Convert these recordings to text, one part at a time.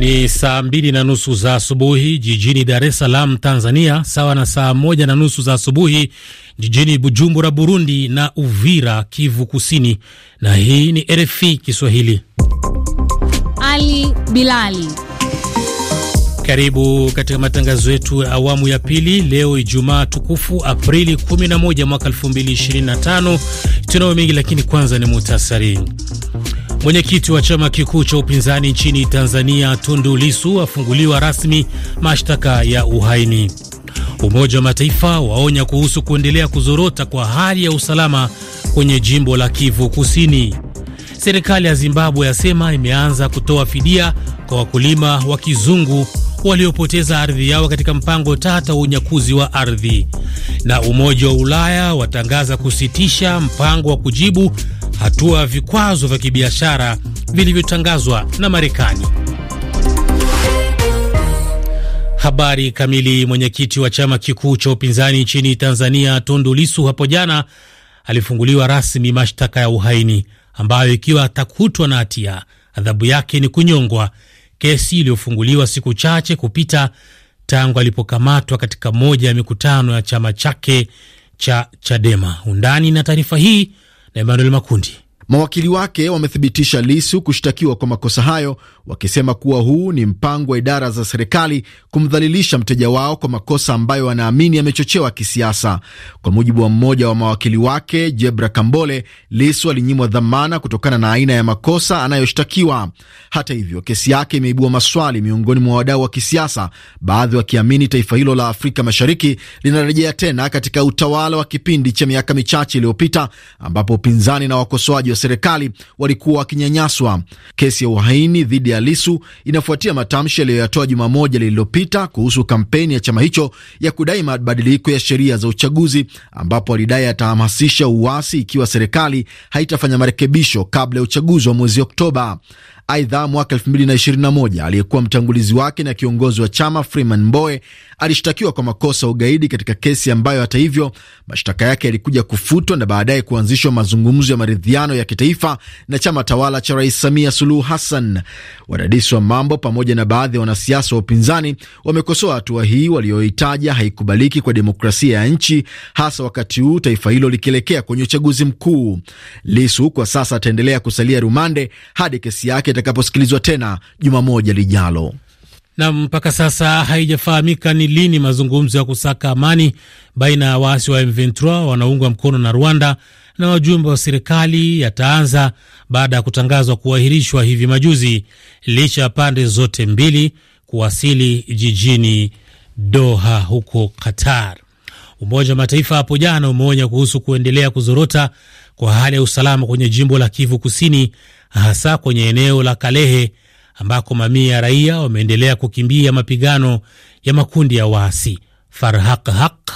Ni saa mbili na nusu za asubuhi jijini Dar es Salaam, Tanzania, sawa na saa moja na nusu za asubuhi jijini Bujumbura, Burundi, na Uvira, Kivu Kusini. Na hii ni RFI Kiswahili. Ali Bilali, karibu katika matangazo yetu ya awamu ya pili leo Ijumaa tukufu Aprili 11 mwaka 2025. Tunayo mengi, lakini kwanza ni muhtasari Mwenyekiti wa chama kikuu cha upinzani nchini Tanzania Tundu Lisu afunguliwa rasmi mashtaka ya uhaini. Umoja wa Mataifa waonya kuhusu kuendelea kuzorota kwa hali ya usalama kwenye jimbo la Kivu Kusini. Serikali ya Zimbabwe yasema imeanza kutoa fidia kwa wakulima wa kizungu waliopoteza ardhi yao katika mpango tata wa unyakuzi wa ardhi. Na Umoja wa Ulaya watangaza kusitisha mpango wa kujibu hatua vikwazo vya kibiashara vilivyotangazwa na Marekani. Habari kamili. Mwenyekiti wa chama kikuu cha upinzani nchini Tanzania Tundu Lisu hapo jana alifunguliwa rasmi mashtaka ya uhaini ambayo ikiwa atakutwa na hatia adhabu yake ni kunyongwa, kesi iliyofunguliwa siku chache kupita tangu alipokamatwa katika moja ya mikutano ya chama chake cha Chadema. Undani na taarifa hii na Emmanuel Makundi. Mawakili wake wamethibitisha Lisu kushtakiwa kwa makosa hayo, wakisema kuwa huu ni mpango wa idara za serikali kumdhalilisha mteja wao kwa makosa ambayo wanaamini yamechochewa kisiasa. Kwa mujibu wa mmoja wa mawakili wake Jebra Kambole, Lisu alinyimwa dhamana kutokana na aina ya makosa anayoshtakiwa. Hata hivyo, kesi yake imeibua maswali miongoni mwa wadau wa kisiasa, baadhi wakiamini taifa hilo la Afrika Mashariki linarejea tena katika utawala wa kipindi cha miaka michache iliyopita ambapo upinzani na wakosoaji wa serikali walikuwa wakinyanyaswa. Kesi ya uhaini dhidi ya Lisu inafuatia matamshi aliyoyatoa juma moja lililopita kuhusu kampeni ya chama hicho ya kudai mabadiliko ya sheria za uchaguzi, ambapo alidai atahamasisha uasi ikiwa serikali haitafanya marekebisho kabla ya uchaguzi wa mwezi Oktoba. Aidha, mwaka 2021 aliyekuwa mtangulizi wake na kiongozi wa chama Freeman Mbowe alishtakiwa kwa makosa ya ugaidi katika kesi ambayo hata hivyo mashtaka yake yalikuja kufutwa na baadaye kuanzishwa mazungumzo ya maridhiano ya kitaifa na chama tawala cha Rais Samia Suluhu Hassan. Wadadisi wa mambo pamoja na baadhi ya wanasiasa wa upinzani wamekosoa hatua hii walioitaja haikubaliki kwa demokrasia ya nchi, hasa wakati huu taifa hilo likielekea kwenye uchaguzi mkuu. Lisu kwa sasa ataendelea kusalia rumande hadi kesi yake itakaposikilizwa tena juma moja lijalo. Na mpaka sasa haijafahamika ni lini mazungumzo ya kusaka amani baina ya waasi wa M23 wanaoungwa mkono na Rwanda na wajumbe wa serikali yataanza baada ya kutangazwa kuahirishwa hivi majuzi, licha ya pande zote mbili kuwasili jijini Doha huko Qatar. Umoja wa Mataifa hapo jana umeonya kuhusu kuendelea kuzorota kwa hali ya usalama kwenye jimbo la Kivu Kusini hasa kwenye eneo la Kalehe ambako mamia ya raia wameendelea kukimbia mapigano ya makundi ya waasi. Farhaq Haq,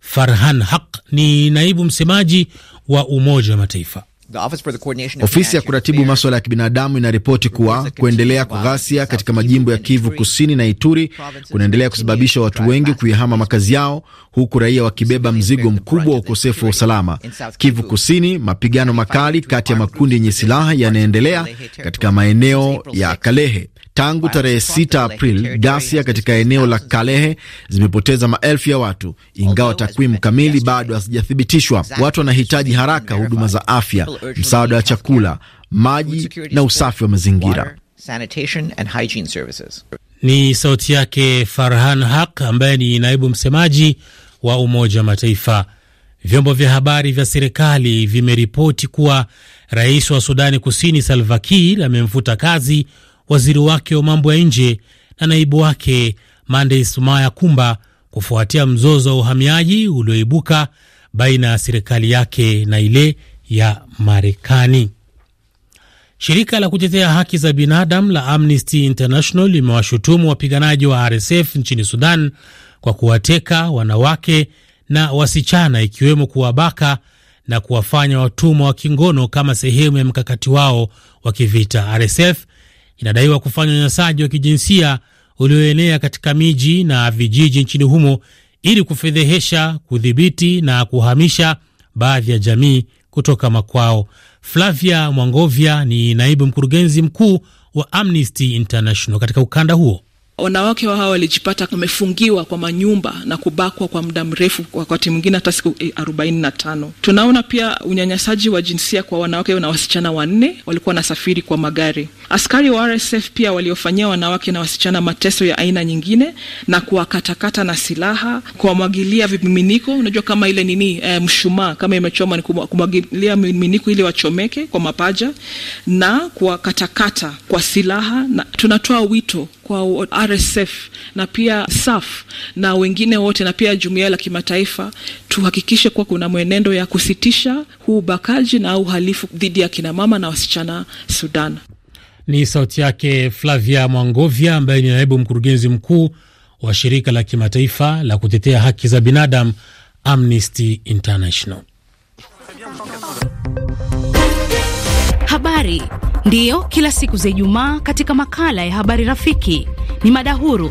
Farhan Haq ni naibu msemaji wa Umoja wa Mataifa. Ofisi ya kuratibu maswala ya kibinadamu inaripoti kuwa kuendelea kwa ghasia katika majimbo ya Kivu Kusini na Ituri kunaendelea kusababisha watu wengi kuihama makazi yao, huku raia wakibeba mzigo mkubwa wa ukosefu wa usalama. Kivu Kusini, mapigano makali kati ya makundi yenye silaha yanaendelea katika maeneo ya Kalehe. Tangu tarehe 6 april ghasia katika eneo la Kalehe zimepoteza maelfu ya watu, ingawa takwimu kamili bado hazijathibitishwa. Watu wanahitaji haraka huduma za afya, msaada wa chakula, maji na usafi wa mazingira. Ni sauti yake Farhan Haq ambaye ni naibu msemaji wa Umoja wa Mataifa. Vyombo vya habari vya serikali vimeripoti kuwa rais wa Sudani Kusini Salva Kiir amemfuta kazi waziri wake wa mambo ya nje na naibu wake Mande Sumaya Kumba kufuatia mzozo wa uhamiaji ulioibuka baina ya serikali yake na ile ya Marekani. Shirika la kutetea haki za binadamu la Amnesty International limewashutumu wapiganaji wa RSF nchini Sudan kwa kuwateka wanawake na wasichana, ikiwemo kuwabaka na kuwafanya watumwa wa kingono kama sehemu ya mkakati wao wa kivita. RSF inadaiwa kufanya unyanyasaji wa kijinsia ulioenea katika miji na vijiji nchini humo ili kufedhehesha, kudhibiti na kuhamisha baadhi ya jamii kutoka makwao. Flavia Mwangovya ni naibu mkurugenzi mkuu wa Amnesty International katika ukanda huo. Wanawake wa hawa walijipata wamefungiwa kwa manyumba na kubakwa kwa muda mrefu, kwa wakati mwingine hata siku eh, arobaini na tano. Tunaona pia unyanyasaji wa jinsia kwa wanawake na wasichana wanne walikuwa wanasafiri kwa magari Askari wa RSF pia waliofanyia wanawake na wasichana mateso ya aina nyingine na kuwakatakata na silaha, kuwamwagilia vimiminiko, unajua kama ile nini e, mshumaa kama imechoma ni kumwagilia miminiko ili wachomeke kwa mapaja na kuwakatakata kwa silaha, na tunatoa wito kwa RSF na pia SAF na wengine wote na pia jumuiya la kimataifa tuhakikishe kuwa kuna mwenendo ya kusitisha huu ubakaji na uhalifu dhidi ya kinamama na wasichana Sudan. Ni sauti yake Flavia Mwangovya, ambaye ni naibu mkurugenzi mkuu wa shirika la kimataifa la kutetea haki za binadamu Amnesty International. Habari ndiyo kila siku za Ijumaa katika makala ya Habari Rafiki ni mada huru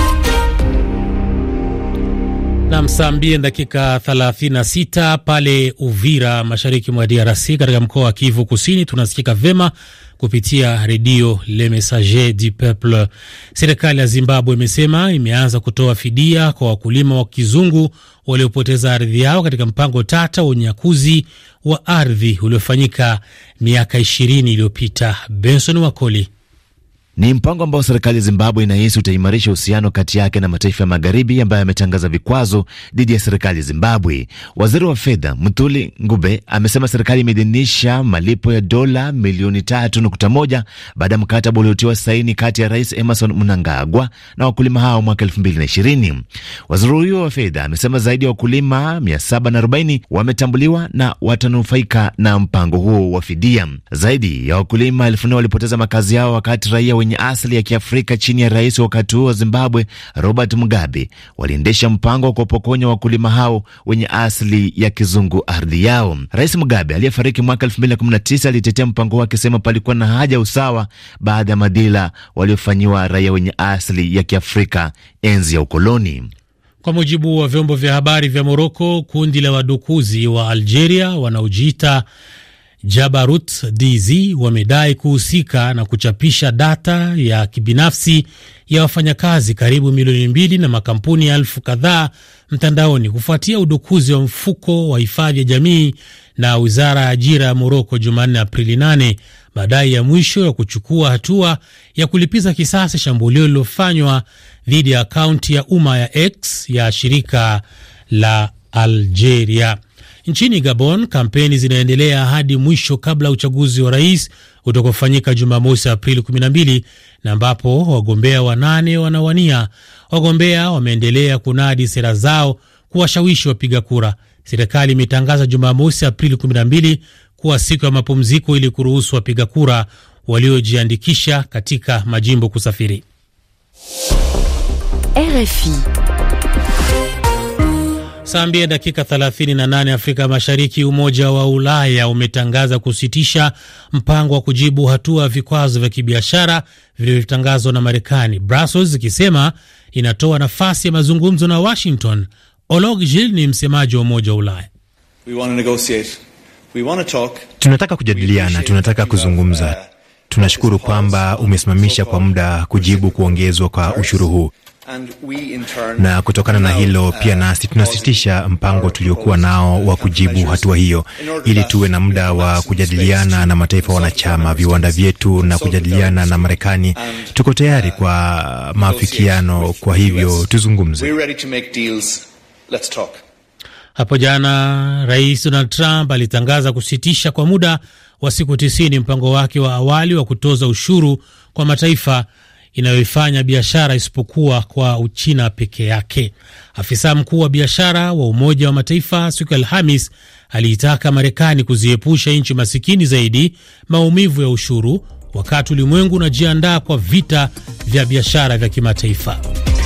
Nam, saa mbili dakika 36 pale Uvira, mashariki mwa DRC, katika mkoa wa Kivu Kusini. Tunasikika vema kupitia redio Le Messager du Peuple. Serikali ya Zimbabwe imesema imeanza kutoa fidia kwa wakulima wa kizungu waliopoteza ardhi yao katika mpango tata wa unyakuzi wa ardhi uliofanyika miaka 20 iliyopita. Benson Wakoli. Ni mpango ambao serikali ya Zimbabwe inahisi utaimarisha uhusiano kati yake na mataifa ya magharibi ambayo yametangaza vikwazo dhidi ya serikali ya Zimbabwe. Waziri wa fedha Mthuli Ngube amesema serikali imeidhinisha malipo ya dola milioni tatu nukta moja baada ya mkataba uliotiwa saini kati ya Rais Emerson Mnangagwa na wakulima hao mwaka elfu mbili na ishirini. Waziri huyo wa fedha amesema zaidi ya wakulima 740 wametambuliwa na watanufaika na mpango huo wa fidia. Zaidi ya wakulima elfu nne walipoteza makazi yao wakati raia wenye asili ya Kiafrika chini ya rais wakati huo wa Zimbabwe Robert Mugabe waliendesha mpango wa kuwapokonya wakulima hao wenye asili ya kizungu ardhi yao. Rais Mugabe aliyefariki mwaka 2019 alitetea mpango huo akisema palikuwa na haja usawa baada ya madhila waliofanyiwa raia wenye asili ya Kiafrika enzi ya ukoloni. Kwa mujibu wa vyombo vya habari vya Moroko, kundi la wadukuzi wa Algeria wanaojiita Jabarut DZ wamedai kuhusika na kuchapisha data ya kibinafsi ya wafanyakazi karibu milioni mbili na makampuni ya elfu kadhaa mtandaoni kufuatia udukuzi wa mfuko wa hifadhi ya jamii na wizara ya ajira ya Moroko Jumanne, Aprili 8, madai ya mwisho ya kuchukua hatua ya kulipiza kisasi shambulio lililofanywa dhidi ya akaunti ya umma ya X ya shirika la Algeria. Nchini Gabon, kampeni zinaendelea hadi mwisho kabla ya uchaguzi wa rais utakaofanyika Jumamosi Aprili 12 na ambapo wagombea wanane wanawania. Wagombea wameendelea kunadi sera zao kuwashawishi wapiga kura. Serikali imetangaza Jumamosi Aprili 12 kuwa siku ya mapumziko ili kuruhusu wapiga kura waliojiandikisha katika majimbo kusafiri. RFI. Saa mbili dakika 38 Afrika Mashariki. Umoja wa Ulaya umetangaza kusitisha mpango wa kujibu hatua vikwazo vya kibiashara vilivyotangazwa na Marekani, Brussels ikisema inatoa nafasi ya mazungumzo na Washington. Olog Gil ni msemaji wa Umoja wa Ulaya. We want to negotiate. We want to talk. Tunataka kujadiliana, tunataka uh, kuzungumza. Tunashukuru kwamba umesimamisha kwa muda kujibu kuongezwa kwa ushuru huu na kutokana na hilo pia uh, nasi tunasitisha mpango tuliokuwa nao wa kujibu hatua hiyo, ili tuwe na muda wa kujadiliana na mataifa wanachama, viwanda vyetu na kujadiliana na Marekani. Tuko uh, tayari kwa maafikiano, kwa hivyo tuzungumze. Hapo jana Rais Donald Trump alitangaza kusitisha kwa muda wa siku tisini mpango wake wa awali wa kutoza ushuru kwa mataifa inayoifanya biashara isipokuwa kwa Uchina peke yake. Afisa mkuu wa biashara wa Umoja wa Mataifa siku ya Alhamis aliitaka Marekani kuziepusha nchi masikini zaidi maumivu ya ushuru, wakati ulimwengu unajiandaa kwa vita vya biashara vya kimataifa.